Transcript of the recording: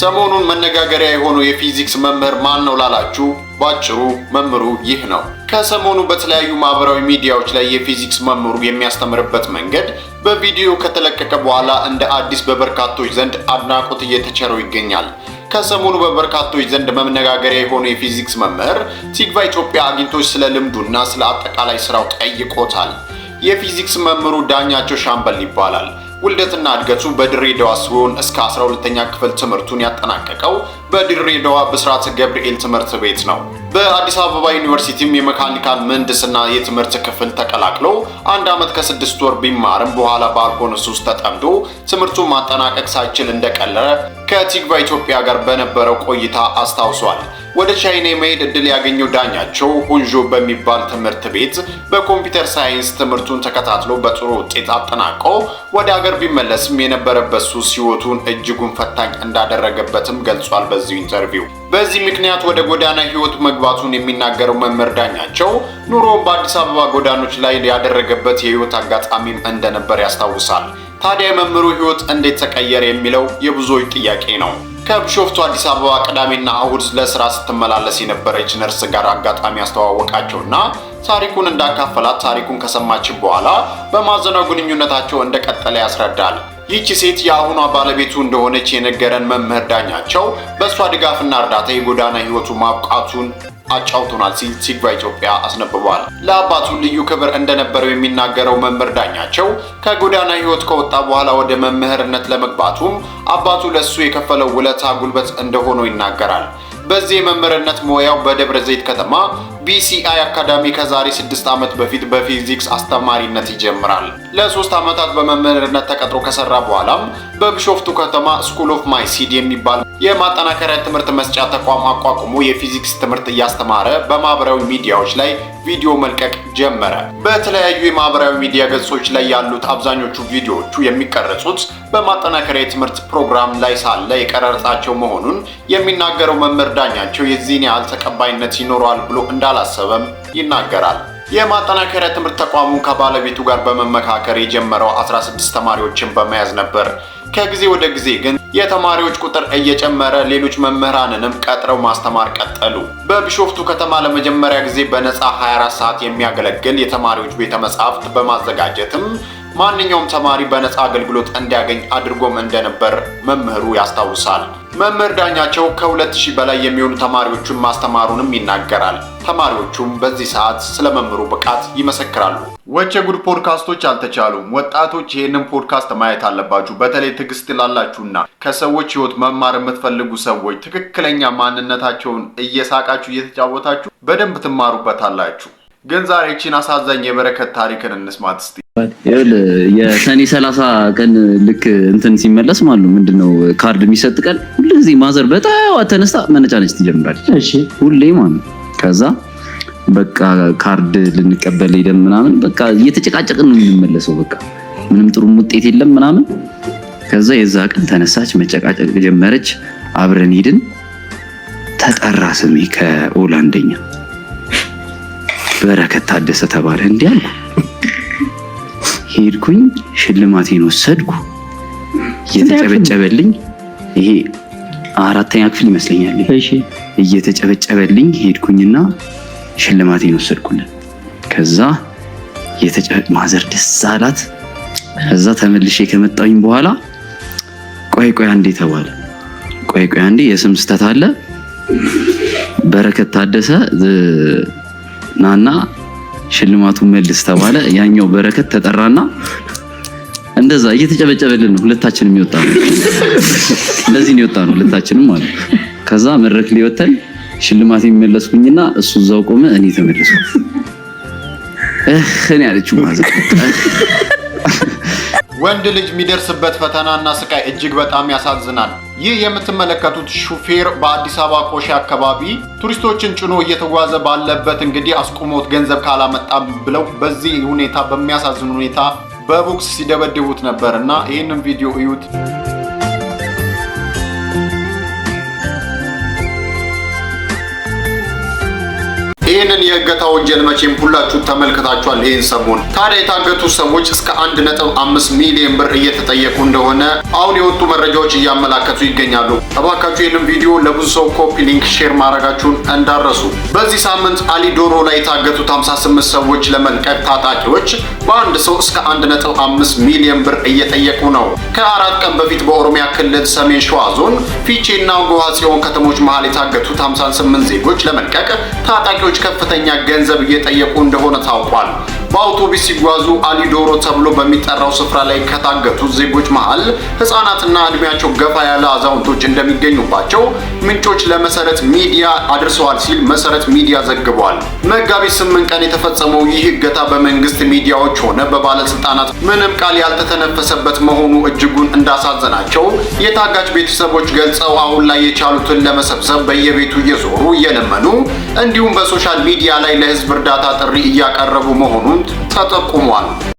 ሰሞኑን መነጋገሪያ የሆነው የፊዚክስ መምህር ማን ነው ላላችሁ፣ ባጭሩ መምህሩ ይህ ነው። ከሰሞኑ በተለያዩ ማህበራዊ ሚዲያዎች ላይ የፊዚክስ መምህሩ የሚያስተምርበት መንገድ በቪዲዮ ከተለቀቀ በኋላ እንደ አዲስ በበርካቶች ዘንድ አድናቆት እየተቸረው ይገኛል። ከሰሞኑ በበርካቶች ዘንድ መነጋገሪያ የሆነ የፊዚክስ መምህር ቲግቫ ኢትዮጵያ አግኝቶች ስለ ልምዱና ስለ አጠቃላይ ስራው ጠይቆታል። የፊዚክስ መምህሩ ዳኛቸው ሻምበል ይባላል። ውልደትና እድገቱ በድሬዳዋ ሲሆን እስከ 12ኛ ክፍል ትምህርቱን ያጠናቀቀው በድሬዳዋ ብስራት ገብርኤል ትምህርት ቤት ነው። በአዲስ አበባ ዩኒቨርሲቲም የመካኒካል ምህንድስና የትምህርት ክፍል ተቀላቅሎ አንድ ዓመት ከስድስት ወር ቢማርም በኋላ በአልኮንስ ውስጥ ተጠምዶ ትምህርቱን ማጠናቀቅ ሳይችል እንደቀለረ ከቲግባ ኢትዮጵያ ጋር በነበረው ቆይታ አስታውሷል። ወደ ቻይና የመሄድ እድል ያገኘው ዳኛቸው ሁንዦ በሚባል ትምህርት ቤት በኮምፒውተር ሳይንስ ትምህርቱን ተከታትሎ በጥሩ ውጤት አጠናቆ ወደ አገር ቢመለስም የነበረበት ሱስ ህይወቱን እጅጉን ፈታኝ እንዳደረገበትም ገልጿል። በዚሁ ኢንተርቪው በዚህ ምክንያት ወደ ጎዳና ህይወት መግባቱን የሚናገረው መምህር ዳኛቸው ኑሮውን በአዲስ አበባ ጎዳኖች ላይ ያደረገበት የህይወት አጋጣሚም እንደነበር ያስታውሳል። ታዲያ የመምህሩ ህይወት እንዴት ተቀየረ የሚለው የብዙዎች ጥያቄ ነው። ከብሾፍቱ አዲስ አበባ ቅዳሜና እሁድ ለስራ ስትመላለስ የነበረች ነርስ ጋር አጋጣሚ ያስተዋወቃቸውና ታሪኩን እንዳካፈላት ታሪኩን ከሰማች በኋላ በማዘኗ ግንኙነታቸው እንደቀጠለ ያስረዳል። ይህቺ ሴት የአሁኗ ባለቤቱ እንደሆነች የነገረን መምህር ዳኛቸው በእሷ ድጋፍና እርዳታ የጎዳና ህይወቱ ማብቃቱን አጫውቶናል ሲል ሲግባ ኢትዮጵያ አስነብቧል። ለአባቱ ልዩ ክብር እንደነበረው የሚናገረው መምህር ዳኛቸው ከጎዳና ህይወት ከወጣ በኋላ ወደ መምህርነት ለመግባቱም አባቱ ለሱ የከፈለው ውለታ ጉልበት እንደሆነው ይናገራል። በዚህ የመምህርነት ሙያው በደብረ ዘይት ከተማ ቢሲአይ አካዳሚ ከዛሬ ስድስት ዓመት በፊት በፊዚክስ አስተማሪነት ይጀምራል። ለሶስት ዓመታት በመምህርነት ተቀጥሮ ከሰራ በኋላም በቢሾፍቱ ከተማ ስኩል ኦፍ ማይሲድ የሚባል የማጠናከሪያ ትምህርት መስጫ ተቋም አቋቁሞ የፊዚክስ ትምህርት እያስተማረ በማህበራዊ ሚዲያዎች ላይ ቪዲዮ መልቀቅ ጀመረ። በተለያዩ የማህበራዊ ሚዲያ ገጾች ላይ ያሉት አብዛኞቹ ቪዲዮዎቹ የሚቀረጹት በማጠናከሪያ የትምህርት ፕሮግራም ላይ ሳለ የቀረጻቸው መሆኑን የሚናገረው መምህር ዳኛቸው የዚህን ያህል ተቀባይነት ይኖረዋል ብሎ እንዳ እንዳላሰበም ይናገራል። የማጠናከሪያ ትምህርት ተቋሙ ከባለቤቱ ጋር በመመካከር የጀመረው 16 ተማሪዎችን በመያዝ ነበር። ከጊዜ ወደ ጊዜ ግን የተማሪዎች ቁጥር እየጨመረ ሌሎች መምህራንንም ቀጥረው ማስተማር ቀጠሉ። በቢሾፍቱ ከተማ ለመጀመሪያ ጊዜ በነፃ 24 ሰዓት የሚያገለግል የተማሪዎች ቤተ መጻሕፍት በማዘጋጀትም ማንኛውም ተማሪ በነፃ አገልግሎት እንዲያገኝ አድርጎም እንደነበር መምህሩ ያስታውሳል። መምህር ዳኛቸው ከሁለት በላይ የሚሆኑ ተማሪዎቹን ማስተማሩንም ይናገራል። ተማሪዎቹም በዚህ ሰዓት ስለ መምህሩ ብቃት ይመሰክራሉ። ወቸ ጉድ ፖድካስቶች አልተቻሉም። ወጣቶች ይህንን ፖድካስት ማየት አለባችሁ። በተለይ ትዕግስት ላላችሁና ከሰዎች ሕይወት መማር የምትፈልጉ ሰዎች ትክክለኛ ማንነታቸውን እየሳቃችሁ እየተጫወታችሁ በደንብ ትማሩበታላችሁ። ግን ዛሬ ይህችን አሳዛኝ የበረከት ታሪክን እንስማት እስቲ። የሰኔ ሰላሳ ቀን ልክ እንትን ሲመለስ ማለት ነው ምንድን ነው ካርድ የሚሰጥ ቀን ሁሉ ማዘር በጣም ተነስታ መነጫነች ትጀምራለች። ሁሌ ማለት ነው። ከዛ በቃ ካርድ ልንቀበል ሄደን ምናምን በቃ እየተጨቃጨቅን ነው የምንመለሰው። በቃ ምንም ጥሩ ውጤት የለም ምናምን። ከዛ የዛ ቀን ተነሳች፣ መጨቃጨቅ ጀመረች። አብረን ሄድን። ተጠራ ስሜ ከኦላንደኛ በረከት ታደሰ ተባለ። እንዲያል ሄድኩኝ፣ ሽልማቴን ወሰድኩ። እየተጨበጨበልኝ ይሄ አራተኛ ክፍል ይመስለኛል። እየተጨበጨበልኝ ሄድኩኝና ሽልማቴን ወሰድኩልን። ከዛ ማዘር ደስ አላት። ከዛ ተመልሼ ከመጣኝ በኋላ ቆይ ቆይ አንዴ ተባለ። ቆይ ቆይ አንዴ የስም ስህተት አለ። በረከት ታደሰ ናና ሽልማቱን መልስ ተባለ። ያኛው በረከት ተጠራና እንደዛ እየተጨበጨበልን ነው። ሁለታችንም ይወጣ ነው እንደዚህ ነው ይወጣ ነው ሁለታችንም ማለት ከዛ መድረክ ሊወተን ሽልማት የሚመለስኩኝና እሱ እዛው ቆመ፣ እኔ ተመለስኩ። እኔ አለችው ማለት ወንድ ልጅ የሚደርስበት ፈተናና ስቃይ እጅግ በጣም ያሳዝናል። ይህ የምትመለከቱት ሹፌር በአዲስ አበባ ቆሼ አካባቢ ቱሪስቶችን ጭኖ እየተጓዘ ባለበት እንግዲህ አስቁሞት ገንዘብ ካላመጣም ብለው በዚህ ሁኔታ በሚያሳዝን ሁኔታ በቦክስ ሲደበድቡት ነበር እና ይህንን ቪዲዮ እዩት። ይህንን የእገታ ወንጀል መቼም ሁላችሁ ተመልክታችኋል። ይህን ሰሞን ታዲያ የታገቱ ሰዎች እስከ 1.5 ሚሊዮን ብር እየተጠየቁ እንደሆነ አሁን የወጡ መረጃዎች እያመላከቱ ይገኛሉ። እባካችሁ ይህንን ቪዲዮ ለብዙ ሰው ኮፒ ሊንክ ሼር ማድረጋችሁን እንዳረሱ። በዚህ ሳምንት አሊ ዶሮ ላይ የታገቱት 58 ሰዎች ለመልቀቅ ታጣቂዎች በአንድ ሰው እስከ 1.5 ሚሊዮን ብር እየጠየቁ ነው። ከአራት ቀን በፊት በኦሮሚያ ክልል ሰሜን ሸዋ ዞን ፊቼና ጎሃ ጽዮን ከተሞች መሃል የታገቱት 58 ዜጎች ለመልቀቅ ታጣቂዎች ከፍተኛ ገንዘብ እየጠየቁ እንደሆነ ታውቋል። በአውቶቡስ ሲጓዙ አሊ ዶሮ ተብሎ በሚጠራው ስፍራ ላይ ከታገቱ ዜጎች መሃል ህጻናትና እድሜያቸው ገፋ ያለ አዛውንቶች እንደሚገኙባቸው ምንጮች ለመሰረት ሚዲያ አድርሰዋል ሲል መሰረት ሚዲያ ዘግቧል። መጋቢት ስምንት ቀን የተፈጸመው ይህ እገታ በመንግስት ሚዲያዎች ሆነ በባለስልጣናት ምንም ቃል ያልተተነፈሰበት መሆኑ እጅጉን እንዳሳዘናቸው የታጋች ቤተሰቦች ገልጸው አሁን ላይ የቻሉትን ለመሰብሰብ በየቤቱ እየዞሩ እየለመኑ እንዲሁም በሶሻል ሚዲያ ላይ ለህዝብ እርዳታ ጥሪ እያቀረቡ መሆኑን እንደሚያደርጉት ተጠቁሟል።